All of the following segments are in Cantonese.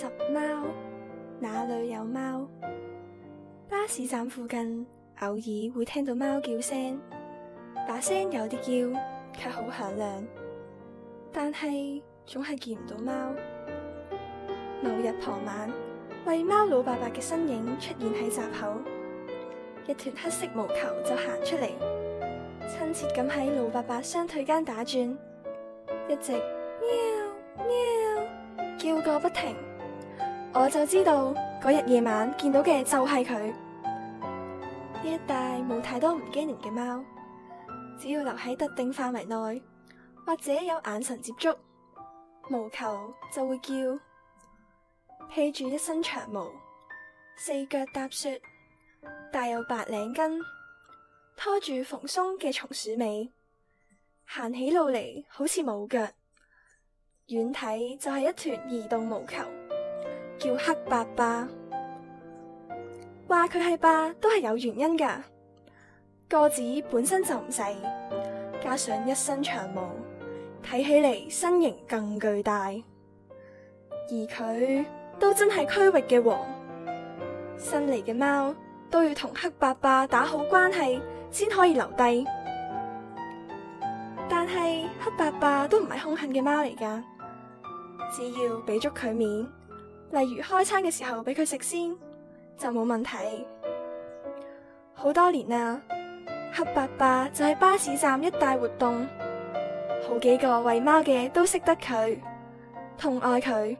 拾貓，那裏有貓？巴士站附近偶爾會聽到貓叫聲，把聲有啲叫，卻好響亮。但係總係見唔到貓。某日傍晚，餵貓老伯伯嘅身影出現喺閘口，一團黑色毛球就行出嚟，親切咁喺老伯伯雙腿間打轉，一直喵喵叫個不停。我就知道，嗰日夜晚上見到嘅就係佢。呢一帶冇太多唔驚人嘅貓，只要留喺特定範圍內，或者有眼神接觸，毛球就會叫。披住一身長毛，四腳踏雪，帶有白領巾，拖住蓬鬆嘅松鼠尾，行起路嚟好似冇腳，遠睇就係一團移動毛球。叫黑爸爸，話佢係霸都係有原因噶。個子本身就唔細，加上一身長毛，睇起嚟身形更巨大。而佢都真係區域嘅王，哦，新嚟嘅貓都要同黑爸爸打好關係先可以留低。但係黑爸爸都唔係兇狠嘅貓嚟噶，只要俾足佢面。例如開餐嘅時候俾佢食先，就冇問題。好多年啦，黑伯伯就喺巴士站一帶活動，好幾個餵貓嘅都識得佢，痛愛佢。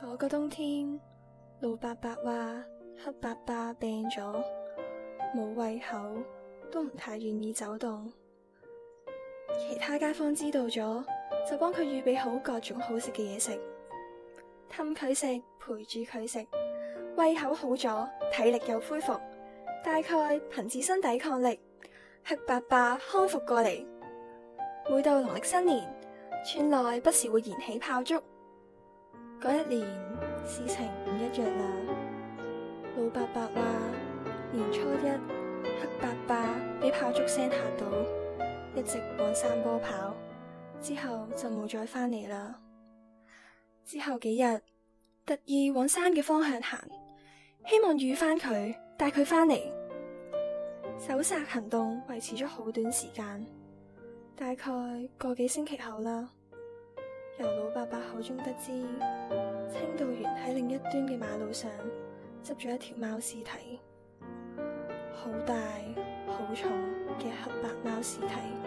嗰個冬天，老伯伯話黑伯伯病咗，冇胃口，都唔太願意走動。其他街坊知道咗，就幫佢預備好各種好食嘅嘢食。氹佢食，陪住佢食，胃口好咗，體力又恢復，大概憑自身抵抗力，黑白爸康復過嚟。每到農曆新年，村內不時會燃起炮竹，嗰一年事情唔一樣啦。老伯伯話年初一，黑白爸俾炮竹聲嚇到，一直往山坡跑，之後就冇再返嚟啦。之後幾日。特意往山嘅方向行，希望遇返佢，帶佢返嚟。搜殺行動維持咗好短時間，大概個幾星期後啦，由老伯伯口中得知，清道員喺另一端嘅馬路上執咗一條貓屍體，好大好重嘅黑白貓屍體。